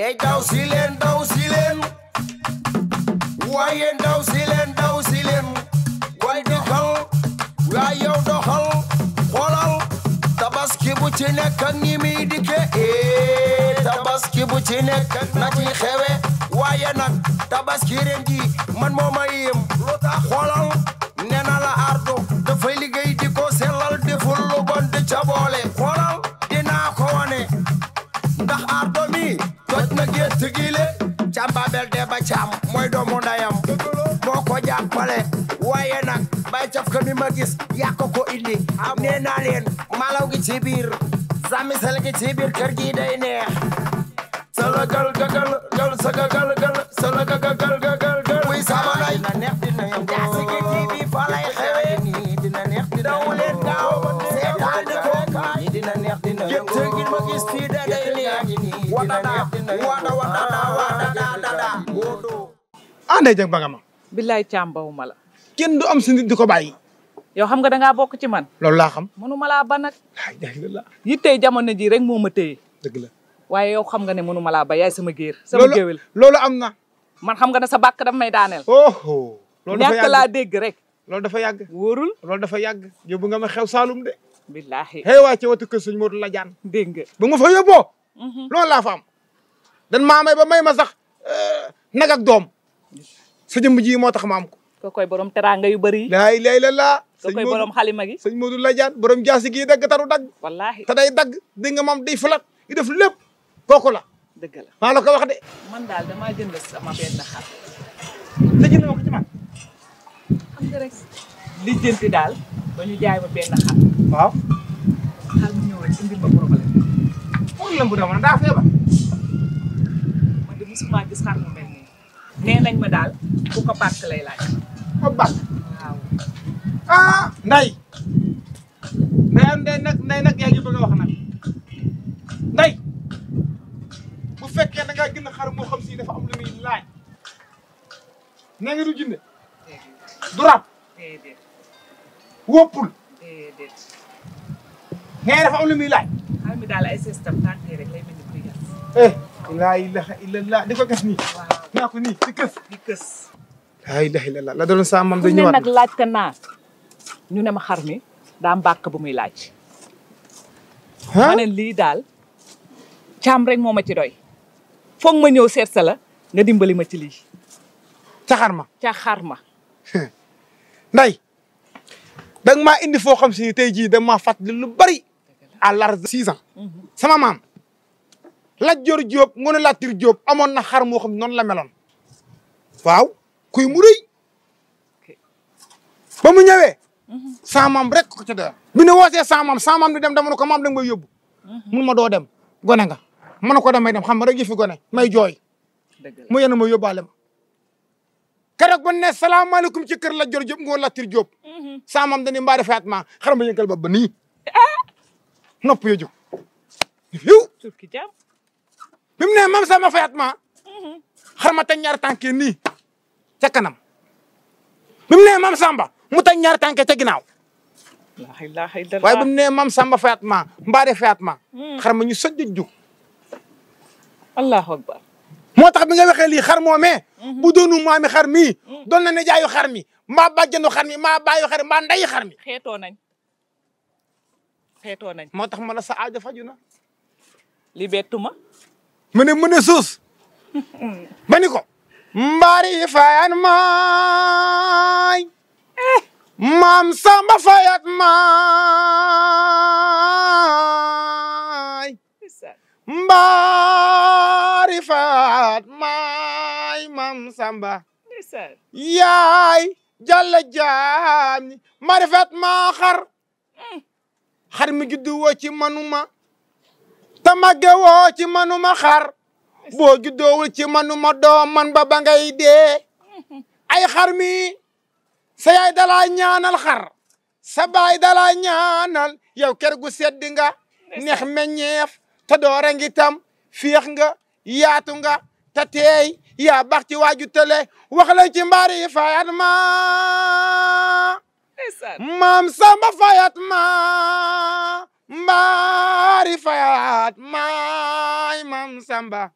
ey daw si leen daw si leen daw si daw si leen waay doxal doxal xoolal tabaski bu ci nekk ak ñi dikke ee eh, tabaski bu ci nekk na ci xewe waaye tabaski ren ji man moo ma lu tax xoolal toj ma gétt gi le cam babel de ba cam mooy doomu ndayam moo ko jàppale waaye nag bay caf ka mi ma gis yàq ko indi am nee naa leen malaw gi ci biir gi ci kër gi neex sala gal gagal gal saga gal gal sala gagal ndey jang bangama billahi ma billaay càmbawuma la kenn du am sa nit di ko yow xam nga da nga bok ci man lolou la xam munuma la ba nag la jamono ji rek moma ma deug la waye yow xam nga ne munuma la ba yaay sama geer sama geewel lolou amna man xam nga ne sa bak daf may daaneel oh lolou dafa yag ñàkk laa dégg rek lolou dafa yag worul lolou dafa yag yóbbu nga ma xew salum de billahi hey waa ci watu kër suñ moodu la jaan dégg nga ba ma fa yobbo mhm. lolou la fa am dan ma may ba may ma sax nak ak dom sa jëmm ji moo tax ma am ko. ko koy borom teranga yu bëri. laa ilaaha illallaah. ko koy borom halima gi sëñ Modou Ladiane borom jassi gi dag taru dag wallahi ta day dag di nga maam day flat di def lepp kooku la. deug la ma la ko wax de. man dal dama jënd sama ben xar. te jënd ma ci man. xam nga rek li jëndi dal ba ñu jaay ma ben xar. waaw. xal mu ñëw rek indil ba problème. problème bu demoon daa feebar. man de musuma gis xar mu mel. nee nañ ma daal ku ko bàkk lay laaj. ko bàkk. waaw. ah nday nday nag nday nag yaa nag nday bu fekkee da ngaa gën a xar moo xam si dafa am lu muy laaj. na nga du jinne du rab. déedéet. wóppul. déedéet. ngay am lu muy laaj. xam daal ay système tànkee rek lay mel ni kuy gas. eh. laa ilaha illallah di ko gas nii. naa ko nii ci kës ci kës la ilaha illallah la doon sa mam dañu ñëwaat nag laaj ka naa ñu ne ma xar mi daa mbàkk bu muy laaj ma ne lii daal caam rek moo ma ci doy foog ma ñëw seet sa la nga dimbali ma ci lii ca xar ma ca nday dang maa indi foo xam si tey jii dang maa fàttali lu bari à l'âge de six ans sama maam Lat Joor Jóob Ngoné Latir Jóob amoon na xar moo xam noonu la meloon waaw kuy mu rëy ba mu ñëwee mhm. saamam rek ko ca doon bi ne wootee saamam saamam di dem dama ne ko maam da ma may yóbbu mhm. ma doo dem gone nga mën na ko damay dem xam nga rek yëfi gone may jooy mu yéen a ma yóbbaale ma keroog ba ne ci kër la Joor Jóob Ngoné Latir Jóob mhm. saamam dañuy mbaa defaat ma xar ma yëngal ba ba nii ah! nopp yo jóg bi mu ne mam sama fayat ma mhm. xar ma teg ñaar tànkee nii ca kanam bi mu ne mam Samba mu teg ñaar tànkee ca ginnaaw. waaye bi mu ne mam Samba fayat ma mbaare fayat ma. Hmm. xar ma ñu sojj ju. moo tax bi lii xar moomee. Mhm. bu mi. Hmm. doon na ne jaayu xar mi mbaa bàjjenu xar mi mbaa baayu xar mi xar mi. xeetoo nañ xeetoo nañ. moo tax ma la sa aajo faju na. li bettu ma. Mene mene sus, mene ko mbaari fayan mai mam samba fayat mai, mari fayat mai mam samba yai jalla jaam mari fayat maa xar mi juddu wo ci manuma sa màgge woo ci manuma xar boo juddoowul ci manuma doom man ba ba ngay dee ay xar mi sa yaay dalaa ñaanal xar sa baay dalaa ñaanal yow kër gu sedd nga neex meññeef te doora ngi tam féex nga yaatu nga te teey yaa bax ci waaju tële wax la ci mbaari fayat ma maam samba fayat ma mbaari fayaat maay mam samba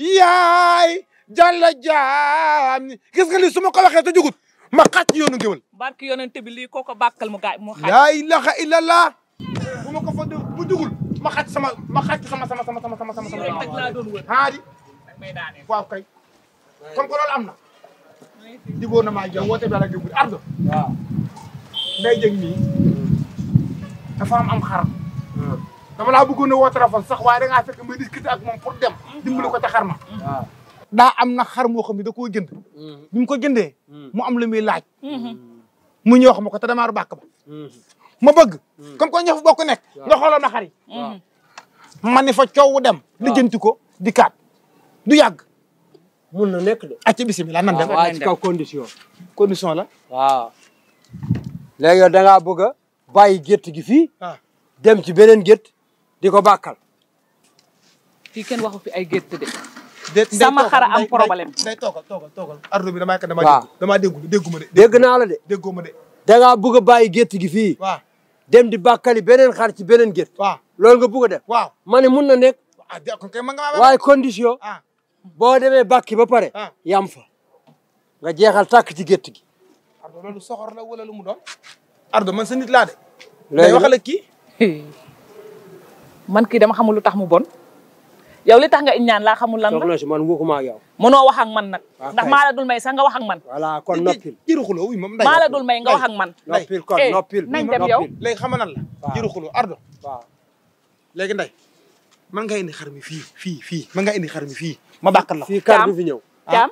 yaay jalla jaam gis nga li su ma ko waxee te jugut ma xàcc yoonu géwël barke yonente bi lii kooko bàkkal mu gaay mu xàcc laa ilaha illallah bu ko fa dégg sama ma xàcc sama sama sama sama sama sama sama kay comme que loolu di boor na maa jox woote bi ardo waaw nday dafa am am xar hmm. dama laa bëggoon a woo téléphone sax waaye da ngaa fekk may discuter ak moom pour dem hmm. dimbali ko ca xar ma hmm. ah. daa am na xar moo xam ne da ko jënd bi mu ko jëndee mu am la muy laaj mu ñëw wax ma ko te damaa bàkk ba ma bëgg comme que ñëf bokk nekk nga xoolal ma xar yi ma ni fa coowu dem lijjanti ko di kaat du yàgg mun na nekk de acca bisimilah nan dem waaw ci kaw condition condition la waaw léegi yow da ngaa bëgg bàyyi gétt gi fii. Ah. dem ci beneen gétt di ko bàkkal. fii kenn waxu fi ay gétt de. sama xara am problème. day toogal toogal toogal ardo bi damaa dama damaa dégg déggu ma de. dégg naa la de. ma de. da bëgg a bàyyi gétt gi fii. waaw dem di bàkkali beneen xar ci beneen get waaw loolu nga bëgg a def. waaw ma ne mun na nekk. Ah, waaye condition. Ah. boo demee bàkki ba pare. yam fa nga jeexal tàkk ci gétt gi. ardo loolu soxor wala lu mu doon. léegi mais waxal ak kii. man kii dama xamul lu tax mu bon. yow li tax nga ñaan laa xamul lan la soxna si man waxuma wax ak man nag. Ah, ndax maa la dul may sax nga wax ak man. voilà kon noppil jiruxuloo moom. maa la dul may nga wax man. noppil kon eh, nañ dem yow léegi xam nan la. waaw jiruxuloo ardo. waaw léegi nday man nga indi xar mi fii fii fii man nga indi xar mi fii ma bàqal la. fii kar du fi ñëw ah,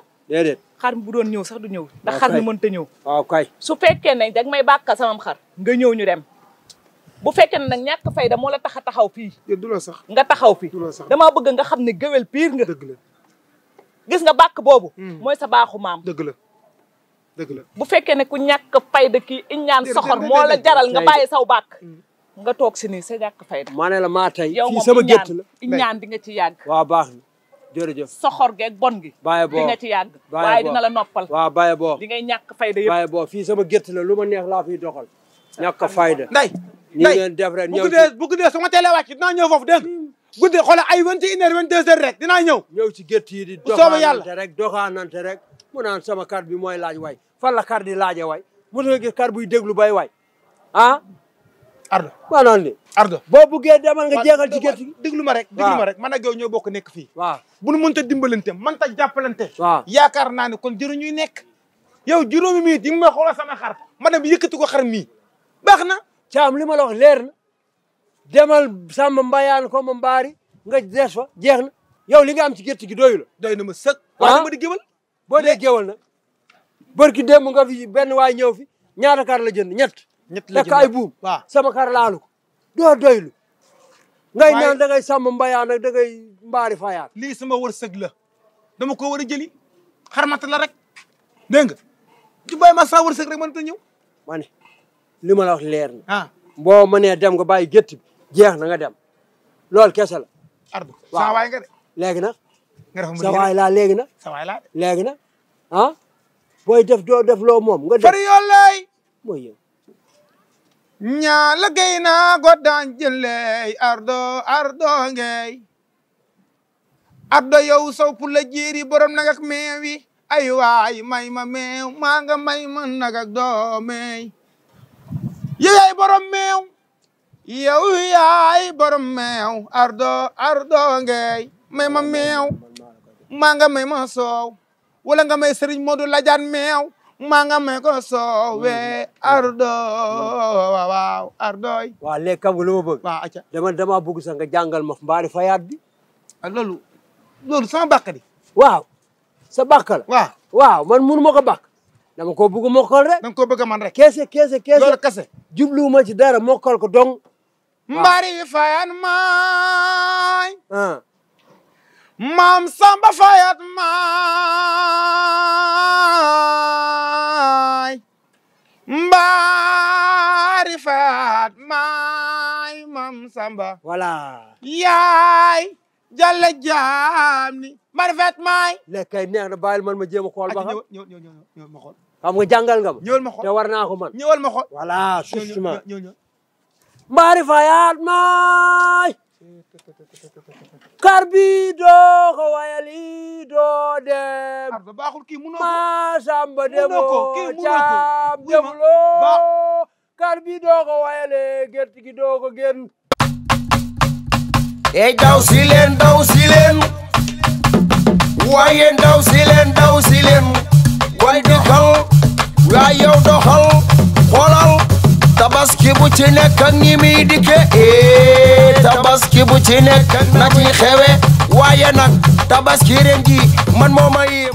xar bu doon ñëw sax du ñëw. ndax ah, xar mi su fekkee ne dag may bàqal samam nga ñëw ñu dem bu fekkene nak ñak fay da mo la taxa taxaw fi du sax nga taxaw fii. dama bëgg nga xamni ne pire nga. deug la gis nga bak bobu moy hmm. sa baxu mam deug la deug la. bu fekkene ku ñak fay fayda ki iñaan soxor mo la jaral nga baye saw bak hmm. nga tok si nii sa ñak fay da mané la ma tay fii sama gétt la iñaan di nga ci yag wa bax jërëjëf soxor ak bon gi. baye bo di nga ci yag baye dina la noppal. wa baye bo di ngay fay da yëpp. baye bo fi sama gétt la luma neex la fi doxal. ñàkk fayda nday ñu leen def rek ñëw ci bu guddee su ma teelee wàcc dinaa ñëw foofu dégg guddi xoolal ay vingt et une heures vingt deux heures rek dinaa ñëw ñëw ci gétt yi di doxaanante rek doxaanante rek naan sama kar bi mooy laaj waay fan la carte di laaje waay mos nga gis carte buy déglu bay waay ah ardo maanaam li ardo boo buggee demal nga jeexal ci gétt gi déglu ma rek déglu ma rek man ak yow ñoo bokk nekk fii waaw bu nu mënta dimbalante mënta jàppalante waaw yaakaar naa ne kon jëru ñuy nekk yow juróomi minute yi ma xoolal sama xar ma dem yëkkati ko xar mii baax na caam li ma la wax leer na demal sàmm mbayaan ko ma mbaari nga des fa jeex na yow li nga am ci gerte gi doyu la ma sëg ah? waaye ma di géwal boo dee géwal nag bërki démb nga fi benn waay ñëw fi ñaata kar la jënd ñet ñett la ay buum waaw sama kar laalu ko doo doylu ngay naan da ngay sàmm mbayaan nag da ngay mbaari fayaat lii sama wërsëg la dama ko war a jëli xarmat la rek dégg nga ju bàyyi ma saa wërsëg rek mën ta ñëw li ma la wax leer na. ah boo mënee dem nga bàyyi gétt bi jeex na nga dem loolu kese la. arbre saa waay nga de. léegi nag. nga léegi nag. sa waay laa de léegi ah, booy def doo def loo moom nga def. bari yoo lay. mooy yow. ñaala gay naa goddaan jëley ardo ardo ngay. ardo yow sow pour la jéeri borom nagak meewi ay waay may ma meew maa nga may ma nagak doo meey borom meew yow yaay borom meew ardo ardo ngay may ma meew maa nga may ma soow wala nga may Serigne Modou Ladiane meew maa nga may ko soowee ardo waaw ardoy waaw léegi kabu lu ma bëgg waaw acca dama dama bëgg sax nga jàngal ma mbaari fayaat bi ah, di waaw sa bàkk waaw man mënu ma ko bàkk dama ko bëgg mokkal rek. danga ko bëgg man rek. keese keese keese loolu kese. ci dara mokkal ko dong. mbari fayat maay. Ah. maam Samba fayat maay. mbari fayat maay maam Samba. voilà. yaay. jalla jaam ni ma rafet maay lekkay neex na bàyyil man ma jéem a xool ba xam ñëwal ñëwal nga ma te war naa ko man ñëwal ma xool voilà fayaat maay kar bi doo ko doo dem baaxul samba demoo caam demuloo kar bi doo ko wayale gerte gi doo ko ey daw si daw si waaye daw si daw si leen way doxal waay doxal xoolal tabaski bu ci nekk ak ñi muy dikke ee eh, tabaski bu ci nekk na ci xewe waaye nag tabaski ren man moo ma